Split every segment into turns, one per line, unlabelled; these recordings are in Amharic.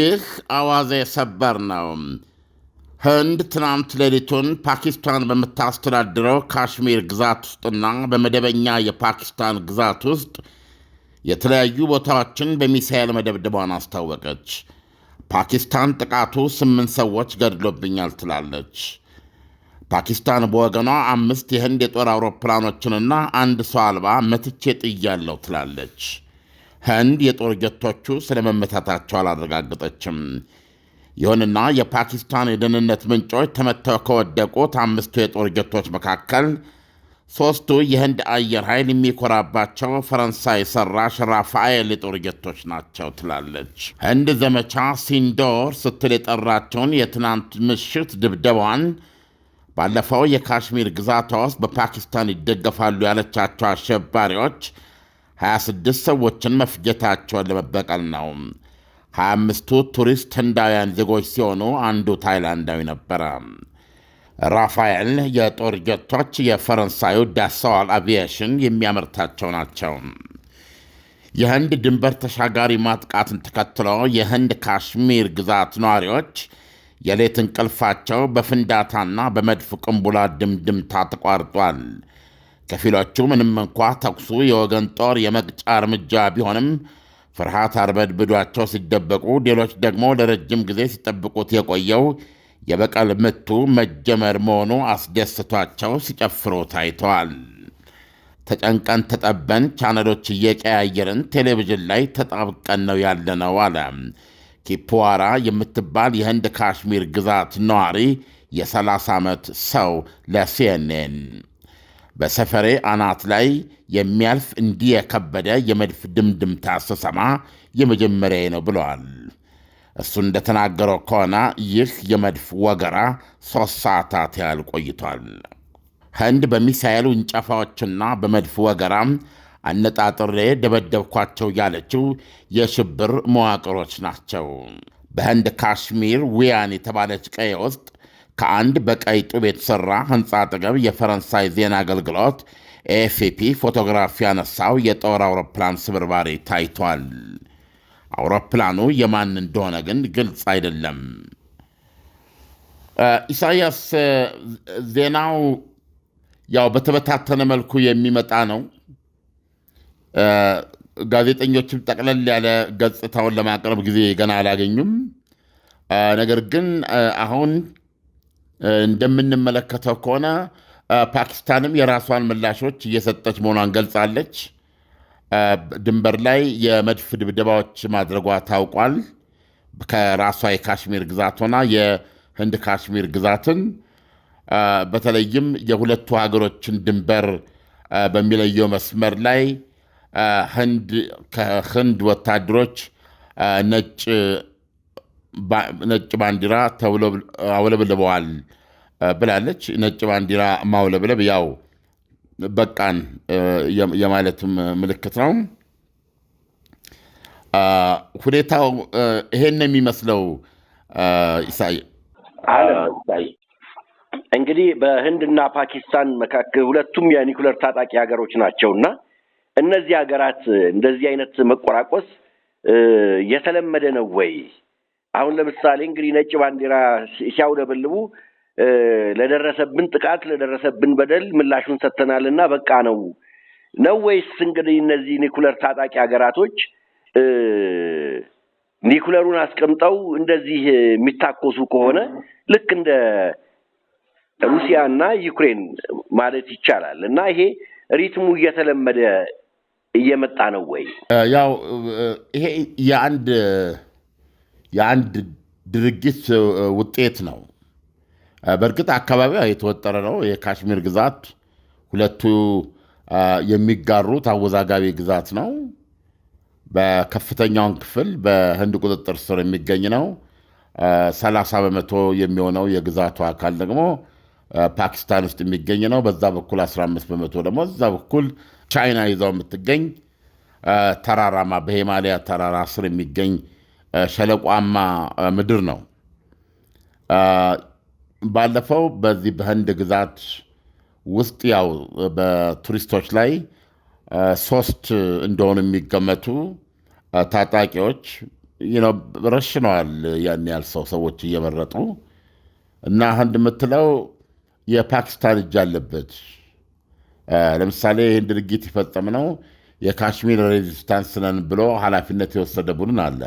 ይህ አዋዜ ሰበር ነው። ህንድ ትናንት ሌሊቱን ፓኪስታን በምታስተዳድረው ካሽሚር ግዛት ውስጥና በመደበኛ የፓኪስታን ግዛት ውስጥ የተለያዩ ቦታዎችን በሚሳኤል መደብደቧን አስታወቀች። ፓኪስታን ጥቃቱ ስምንት ሰዎች ገድሎብኛል ትላለች። ፓኪስታን በወገኗ አምስት የህንድ የጦር አውሮፕላኖችንና አንድ ሰው አልባ መትቼ ጥያለሁ ትላለች። ህንድ የጦር ጀቶቹ ስለመመታታቸው አላረጋገጠችም። ይሁንና የፓኪስታን የደህንነት ምንጮች ተመተው ከወደቁት አምስቱ የጦር ጀቶች መካከል ሦስቱ የህንድ አየር ኃይል የሚኮራባቸው ፈረንሳይ ሰራሽ ራፋኤል የጦር ጀቶች ናቸው ትላለች። ህንድ ዘመቻ ሲንዶር ስትል የጠራቸውን የትናንት ምሽት ድብደባዋን ባለፈው የካሽሚር ግዛቷ ውስጥ በፓኪስታን ይደገፋሉ ያለቻቸው አሸባሪዎች 26 ሰዎችን መፍጀታቸውን ለመበቀል ነው። 25ቱ ቱሪስት ህንዳውያን ዜጎች ሲሆኑ አንዱ ታይላንዳዊ ነበረ። ራፋኤል የጦር ጀቶች የፈረንሳዩ ዳሰዋል አቪዬሽን የሚያመርታቸው ናቸው። የህንድ ድንበር ተሻጋሪ ማጥቃትን ተከትሎ የህንድ ካሽሚር ግዛት ነዋሪዎች የሌት እንቅልፋቸው በፍንዳታና በመድፍ ቅንቡላ ድምድምታ ተቋርጧል። ከፊሎቹ ምንም እንኳ ተኩሱ የወገን ጦር የመቅጫ እርምጃ ቢሆንም ፍርሃት አርበድብዷቸው ሲደበቁ፣ ሌሎች ደግሞ ለረጅም ጊዜ ሲጠብቁት የቆየው የበቀል ምቱ መጀመር መሆኑ አስደስቷቸው ሲጨፍሩ ታይተዋል። ተጨንቀን ተጠበን ቻነሎች እየቀያየርን ቴሌቪዥን ላይ ተጣብቀን ነው ያለነው አለ ኪፕዋራ የምትባል የህንድ ካሽሚር ግዛት ነዋሪ የ30 ዓመት ሰው ለሲኤንኤን በሰፈሬ አናት ላይ የሚያልፍ እንዲህ የከበደ የመድፍ ድምድምታ ስሰማ የመጀመሪያዬ ነው ብለዋል። እሱ እንደተናገረው ከሆነ ይህ የመድፍ ወገራ ሦስት ሰዓታት ያህል ቆይቷል። ህንድ በሚሳኤል ውንጨፋዎችና በመድፍ ወገራም አነጣጥሬ ደበደብኳቸው ያለችው የሽብር መዋቅሮች ናቸው። በህንድ ካሽሚር ውያን የተባለች ቀይ ውስጥ ከአንድ በቀይ ጡብ የተሠራ ሕንፃ አጠገብ የፈረንሳይ ዜና አገልግሎት ኤኤፍፒ ፎቶግራፍ ያነሳው የጦር አውሮፕላን ስብርባሪ ታይቷል። አውሮፕላኑ የማን እንደሆነ ግን ግልጽ አይደለም። ኢሳያስ፣ ዜናው ያው በተበታተነ መልኩ የሚመጣ ነው። ጋዜጠኞችም ጠቅለል ያለ ገጽታውን ለማቅረብ ጊዜ ገና አላገኙም። ነገር ግን አሁን እንደምንመለከተው ከሆነ ፓኪስታንም የራሷን ምላሾች እየሰጠች መሆኗን ገልጻለች። ድንበር ላይ የመድፍ ድብደባዎች ማድረጓ ታውቋል። ከራሷ የካሽሚር ግዛት ሆና የህንድ ካሽሚር ግዛትን በተለይም የሁለቱ ሀገሮችን ድንበር በሚለየው መስመር ላይ ህንድ ከህንድ ወታደሮች ነጭ ነጭ ባንዲራ አውለብልበዋል ብላለች። ነጭ ባንዲራ ማውለብለብ ያው በቃን የማለት ምልክት ነው። ሁኔታው ይሄን የሚመስለው ኢሳይ
እንግዲህ በህንድና ፓኪስታን መካከል ሁለቱም የኒኩለር ታጣቂ ሀገሮች ናቸው እና እነዚህ ሀገራት እንደዚህ አይነት መቆራቆስ የተለመደ ነው ወይ? አሁን ለምሳሌ እንግዲህ ነጭ ባንዲራ ሲያውለበልቡ ለደረሰብን ጥቃት ለደረሰብን በደል ምላሹን ሰጥተናል እና በቃ ነው ነው ወይስ እንግዲህ እነዚህ ኒኩለር ታጣቂ ሀገራቶች ኒኩለሩን አስቀምጠው እንደዚህ የሚታኮሱ ከሆነ ልክ እንደ ሩሲያ እና ዩክሬን ማለት ይቻላል እና ይሄ ሪትሙ እየተለመደ እየመጣ ነው ወይ
ያው ይሄ የአንድ የአንድ ድርጊት ውጤት ነው። በእርግጥ አካባቢዋ የተወጠረ ነው። የካሽሚር ግዛት ሁለቱ የሚጋሩት አወዛጋቢ ግዛት ነው። በከፍተኛውን ክፍል በህንድ ቁጥጥር ስር የሚገኝ ነው። 30 በመቶ የሚሆነው የግዛቱ አካል ደግሞ ፓኪስታን ውስጥ የሚገኝ ነው። በዛ በኩል 15 በመቶ ደግሞ እዛ በኩል ቻይና ይዘው የምትገኝ ተራራማ በሂማሊያ ተራራ ስር የሚገኝ ሸለቋማ ምድር ነው። ባለፈው በዚህ በህንድ ግዛት ውስጥ ያው በቱሪስቶች ላይ ሶስት እንደሆኑ የሚገመቱ ታጣቂዎች ረሽነዋል። ያን ያህል ሰው ሰዎች እየመረጡ እና ህንድ የምትለው የፓኪስታን እጅ አለበት። ለምሳሌ ይህን ድርጊት የፈጸምነው የካሽሚር ሬዚስታንስ ነን ብሎ ኃላፊነት የወሰደ ቡድን አለ።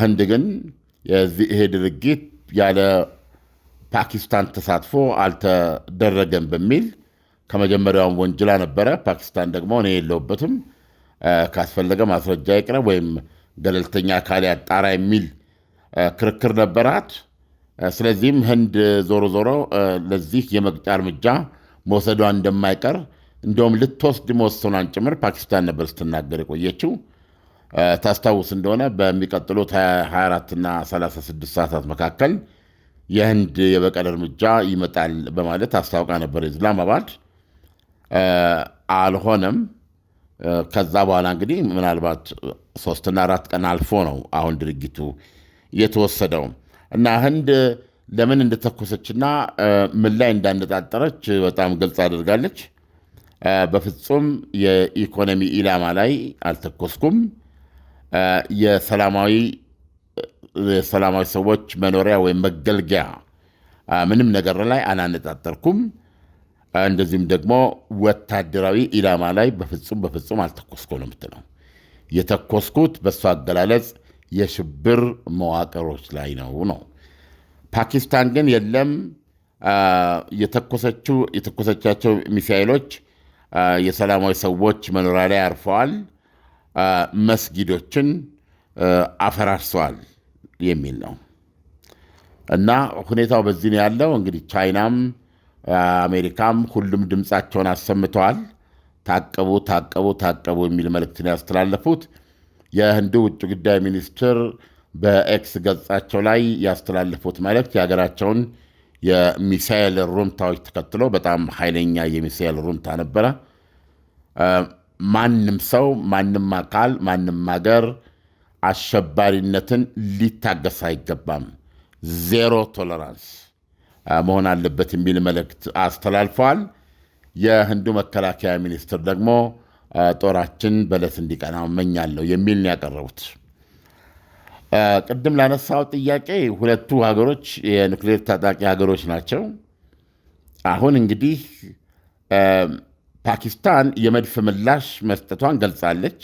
ህንድ ግን ይሄ ድርጊት ያለ ፓኪስታን ተሳትፎ አልተደረገም በሚል ከመጀመሪያውም ወንጅላ ነበረ። ፓኪስታን ደግሞ እኔ የለውበትም ካስፈለገ ማስረጃ ይቅረብ ወይም ገለልተኛ አካል ያጣራ የሚል ክርክር ነበራት። ስለዚህም ህንድ ዞሮ ዞሮ ለዚህ የመቅጫ እርምጃ መውሰዷ እንደማይቀር እንደውም ልትወስድ መወሰኗን ጭምር ፓኪስታን ነበር ስትናገር የቆየችው። ታስታውስ እንደሆነ በሚቀጥሉት 24ና 36 ሰዓታት መካከል የህንድ የበቀል እርምጃ ይመጣል በማለት አስታውቃ ነበር ኢስላማባድ። አልሆነም። ከዛ በኋላ እንግዲህ ምናልባት ሶስትና አራት ቀን አልፎ ነው አሁን ድርጊቱ የተወሰደው እና ህንድ ለምን እንደተኮሰችና ምን ላይ እንዳነጣጠረች በጣም ግልጽ አድርጋለች። በፍጹም የኢኮኖሚ ኢላማ ላይ አልተኮስኩም የሰላማዊ የሰላማዊ ሰዎች መኖሪያ ወይም መገልገያ ምንም ነገር ላይ አላነጣጠርኩም። እንደዚሁም ደግሞ ወታደራዊ ኢላማ ላይ በፍጹም በፍጹም አልተኮስኩም ነው የምትለው። የተኮስኩት በእሱ አገላለጽ የሽብር መዋቅሮች ላይ ነው ነው። ፓኪስታን ግን የለም የተኮሰቻቸው ሚሳይሎች የሰላማዊ ሰዎች መኖሪያ ላይ አርፈዋል መስጊዶችን አፈራርሰዋል የሚል ነው እና ሁኔታው በዚህ ነው ያለው። እንግዲህ ቻይናም አሜሪካም ሁሉም ድምፃቸውን አሰምተዋል። ታቀቡ ታቀቡ ታቀቡ የሚል መልእክትን ያስተላለፉት የህንዱ ውጭ ጉዳይ ሚኒስትር በኤክስ ገጻቸው ላይ ያስተላለፉት መልእክት የሀገራቸውን የሚሳኤል ሩምታዎች ተከትሎ በጣም ኃይለኛ የሚሳኤል ሩምታ ነበረ። ማንም ሰው ማንም አካል ማንም ሀገር አሸባሪነትን ሊታገስ አይገባም። ዜሮ ቶለራንስ መሆን አለበት የሚል መልእክት አስተላልፈዋል። የህንዱ መከላከያ ሚኒስትር ደግሞ ጦራችን በለስ እንዲቀና እመኛለሁ የሚል ነው ያቀረቡት። ቅድም ላነሳው ጥያቄ ሁለቱ ሀገሮች የኑክሌር ታጣቂ ሀገሮች ናቸው። አሁን እንግዲህ ፓኪስታን የመድፍ ምላሽ መስጠቷን ገልጻለች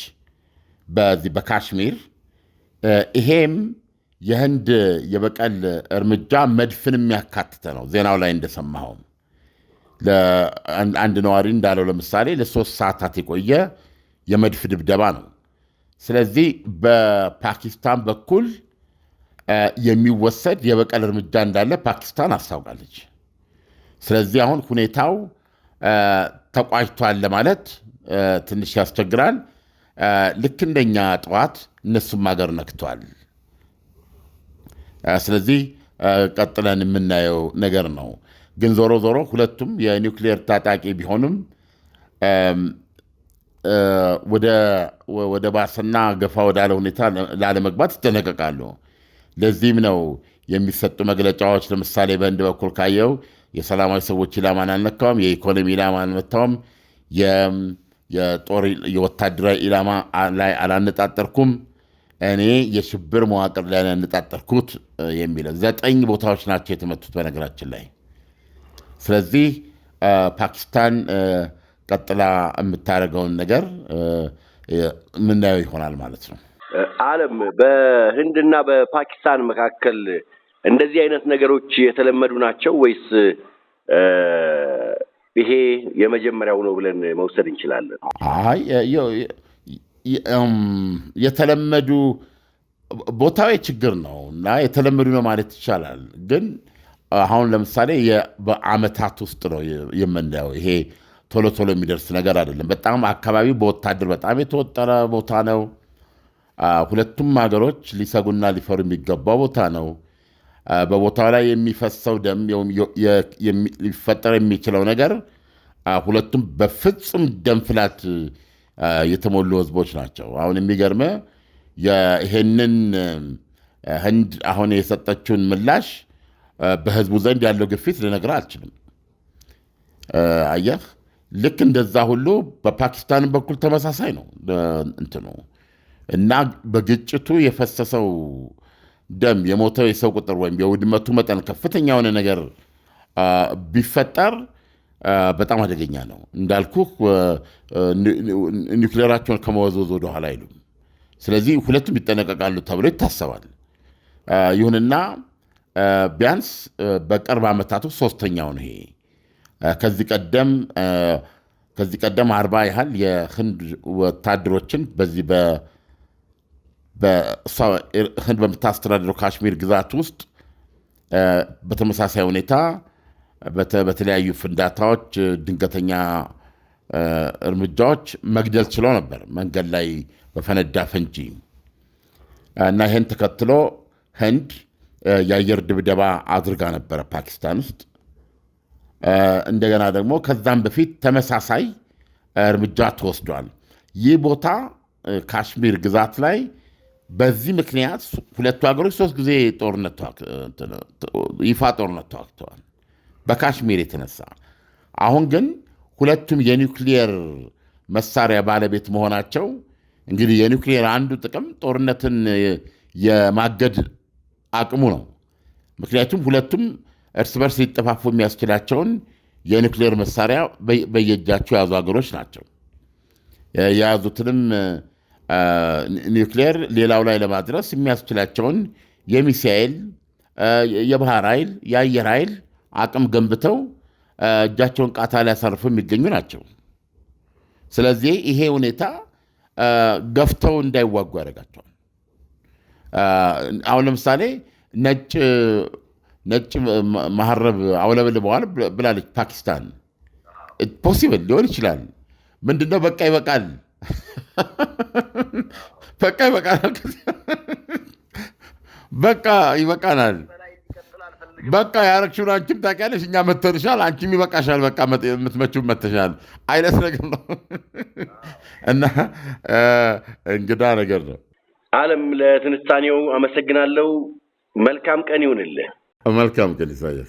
በዚህ በካሽሚር ይሄም የህንድ የበቀል እርምጃ መድፍን የሚያካትተ ነው። ዜናው ላይ እንደሰማኸውም አንድ ነዋሪ እንዳለው ለምሳሌ ለሶስት ሰዓታት የቆየ የመድፍ ድብደባ ነው። ስለዚህ በፓኪስታን በኩል የሚወሰድ የበቀል እርምጃ እንዳለ ፓኪስታን አስታውቃለች። ስለዚህ አሁን ሁኔታው ተቋጭቷል ለማለት ትንሽ ያስቸግራል። ልክ እንደኛ ጠዋት እነሱም ሀገር ነክቷል። ስለዚህ ቀጥለን የምናየው ነገር ነው። ግን ዞሮ ዞሮ ሁለቱም የኒውክሌር ታጣቂ ቢሆንም ወደ ባሰና ገፋ ወዳለ ሁኔታ ላለመግባት ይጠነቀቃሉ። ለዚህም ነው የሚሰጡ መግለጫዎች ለምሳሌ በህንድ በኩል ካየው የሰላማዊ ሰዎች ኢላማን አልመታውም። የኢኮኖሚ ኢላማ አልመታውም። የጦር የወታደራዊ ኢላማ ላይ አላነጣጠርኩም። እኔ የሽብር መዋቅር ላይ ያነጣጠርኩት የሚለው ዘጠኝ ቦታዎች ናቸው የተመቱት በነገራችን ላይ። ስለዚህ ፓኪስታን ቀጥላ የምታደርገውን ነገር የምናየው ይሆናል ማለት ነው።
አለም በህንድና በፓኪስታን መካከል እንደዚህ አይነት ነገሮች የተለመዱ ናቸው ወይስ ይሄ የመጀመሪያው ነው ብለን መውሰድ እንችላለን?
አይ የተለመዱ ቦታዊ ችግር ነው እና የተለመዱ ነው ማለት ይቻላል። ግን አሁን ለምሳሌ በአመታት ውስጥ ነው የምናየው። ይሄ ቶሎ ቶሎ የሚደርስ ነገር አይደለም። በጣም አካባቢ በወታደር በጣም የተወጠረ ቦታ ነው። ሁለቱም ሀገሮች ሊሰጉና ሊፈሩ የሚገባ ቦታ ነው። በቦታው ላይ የሚፈሰው ደም ሊፈጠር የሚችለው ነገር ሁለቱም በፍጹም ደም ፍላት የተሞሉ ህዝቦች ናቸው። አሁን የሚገርመ ይሄንን ህንድ አሁን የሰጠችውን ምላሽ በህዝቡ ዘንድ ያለው ግፊት ልነግር አልችልም። አየህ፣ ልክ እንደዛ ሁሉ በፓኪስታን በኩል ተመሳሳይ ነው እንትኑ እና በግጭቱ የፈሰሰው ደም የሞተው የሰው ቁጥር ወይም የውድመቱ መጠን ከፍተኛ የሆነ ነገር ቢፈጠር በጣም አደገኛ ነው። እንዳልኩ ኒውክሌራቸውን ከመወዘወዝ ወደኋላ አይሉም። ስለዚህ ሁለቱም ይጠነቀቃሉ ተብሎ ይታሰባል። ይሁንና ቢያንስ በቅርብ ዓመታት ውስጥ ሶስተኛው ነው ይሄ። ከዚህ ቀደም አርባ ያህል የህንድ ወታደሮችን በዚህ ህንድ በምታስተዳድረው ካሽሚር ግዛት ውስጥ በተመሳሳይ ሁኔታ በተለያዩ ፍንዳታዎች፣ ድንገተኛ እርምጃዎች መግደል ችለው ነበር መንገድ ላይ በፈነዳ ፈንጂ እና ይህን ተከትሎ ህንድ የአየር ድብደባ አድርጋ ነበረ ፓኪስታን ውስጥ። እንደገና ደግሞ ከዛም በፊት ተመሳሳይ እርምጃ ተወስዷል። ይህ ቦታ ካሽሚር ግዛት ላይ በዚህ ምክንያት ሁለቱ ሀገሮች ሶስት ጊዜ ይፋ ጦርነት ተዋግተዋል በካሽሚር የተነሳ። አሁን ግን ሁለቱም የኒውክሊየር መሳሪያ ባለቤት መሆናቸው እንግዲህ የኒውክሊየር አንዱ ጥቅም ጦርነትን የማገድ አቅሙ ነው። ምክንያቱም ሁለቱም እርስ በርስ ሊጠፋፉ የሚያስችላቸውን የኒውክሊየር መሳሪያ በየእጃቸው የያዙ ሀገሮች ናቸው። የያዙትንም ኒውክሌር ሌላው ላይ ለማድረስ የሚያስችላቸውን የሚሳኤል፣ የባህር ኃይል፣ የአየር ኃይል አቅም ገንብተው እጃቸውን ቃታ ላይ የሚገኙ ናቸው። ስለዚህ ይሄ ሁኔታ ገፍተው እንዳይዋጉ ያደርጋቸዋል። አሁን ለምሳሌ ነጭ ነጭ መሀረብ አውለበልበዋል ብላለች ፓኪስታን። ፖሲብል ሊሆን ይችላል። ምንድነው በቃ ይበቃል በቃ ይበቃናል። በቃ ይበቃናል። በቃ ያረግሽውን አንቺም ታውቂያለሽ፣ እኛ መተንሻል፣ አንቺም ይበቃሻል። በቃ የምትመችው መተሻል አይነት ነገር ነው እና እንግዳ ነገር ነው።
አለም ለትንታኔው አመሰግናለሁ። መልካም ቀን ይሁንልህ።
መልካም ቀን ይሳያል።